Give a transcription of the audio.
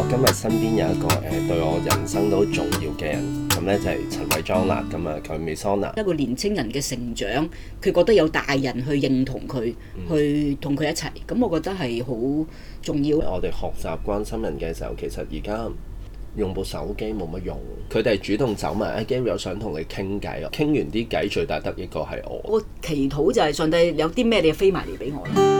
我今日身邊有一個誒、呃、對我人生都重要嘅人，咁咧就係陳偉莊啦。咁啊，佢 Mesona 一個年青人嘅成長，佢覺得有大人去認同佢，嗯、去同佢一齊。咁我覺得係好重要。我哋學習關心人嘅時候，其實而家用部手機冇乜用。佢哋係主動走埋，阿 Gary 有想同你傾偈啊。傾完啲偈，最大得益一個係我。我祈禱就係上帝有啲咩嘢飛埋嚟俾我啦。